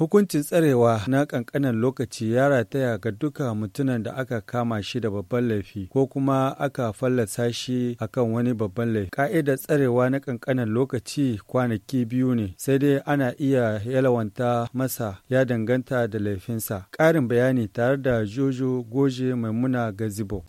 Hukuncin tsarewa na ƙanƙanan lokaci ya rataya ga duka mutunan da aka kama shi da babban laifi ko kuma aka fallasa shi akan wani babban laifi. Ka'idar tsarewa na ƙanƙanan lokaci kwanaki biyu ne, sai dai ana iya yalawanta masa ya danganta da laifinsa. Karin bayani tare da Jojo Goje Maimuna Gazibo.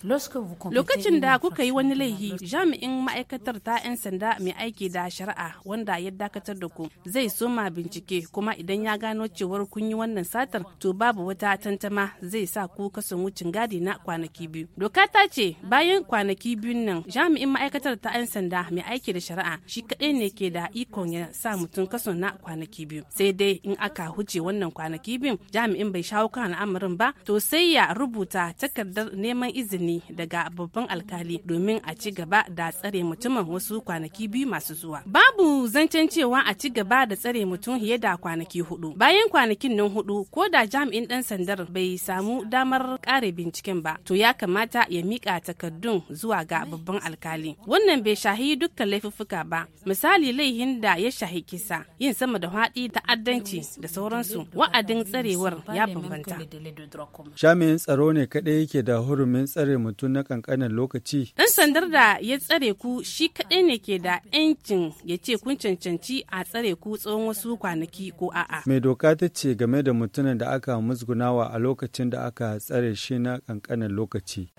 Lokacin da kuka yi wani laifi, jami'in ma'aikatar ta 'yan sanda mai aiki da shari'a wanda ya dakatar da ku zai soma bincike kuma idan ya gano cewar kun yi wannan satar to babu wata tantama zai sa ku kasan wucin gadi na kwanaki biyu doka ta ce bayan kwanaki biyun nan jami'in ma'aikatar ta 'yan sanda mai aiki da shari'a shi kaɗai ne ke da ikon ya sa mutum kaso na kwanaki biyu sai dai in aka huce wannan kwanaki biyun jami'in bai shawo kan al'amarin ba to sai ya rubuta takardar neman izini daga babban alkali domin a ci gaba da tsare mutumin wasu kwanaki biyu masu zuwa babu zancen cewa a ci gaba da tsare mutum fiye da kwanaki hudu bayan kwanakin nan hudu ko da jami'in dan sandar bai samu damar kare binciken ba to ya kamata ya mika takardun zuwa ga babban alkali wannan bai shahi dukkan laifuffuka ba misali laihin da ya shahi kisa yin sama da ta ta'addanci da sauransu wa'adin tsarewar ya bambanta jami'in tsaro ne kadai yake da hurumin tsare mutum na kankanin lokaci dan sandar da ya tsare ku shi kadai ne ke da 'yancin ya ce kun cancanci a tsare ku tsawon wasu kwanaki ko a'a mai ta ce game da mutumin da aka musgunawa a lokacin da aka tsare shi na kankanin lokaci.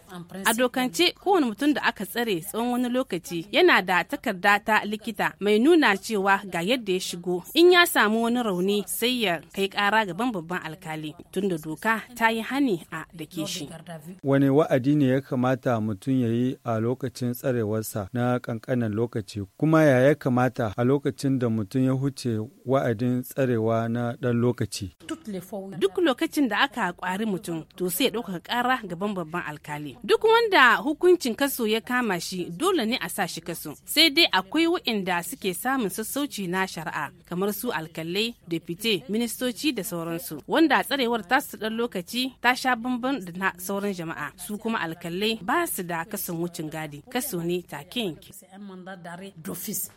A dokance kowane mutum da aka tsare tsawon wani lokaci yana da takarda ta likita mai nuna cewa ga yadda ya shigo in ya samu wani rauni sai ya kai kara gaban babban alkali tunda doka ta yi hani a ke shi. wani wa'adi ne ya kamata mutum ya yi a lokacin tsarewarsa na kankanin lokaci kuma ya ya kamata a lokacin da mutum ya huce wa'adin tsarewa na ɗan lokaci? Duk lokacin da aka kwari mutum to sai ɗaukaka ƙara gaban babban alkali. Duk wanda hukuncin kaso ya kama shi dole ne a sa shi kaso. Sai dai akwai waɗanda suke samun sassauci na shari'a kamar su alkalai, depute, ministoci da sauransu. Wanda tsarewar ta su ɗan lokaci ta sha bamban da na sauran jama'a. Su kuma alkalai ba su da kasan wucin gadi. Kaso ne take yanki.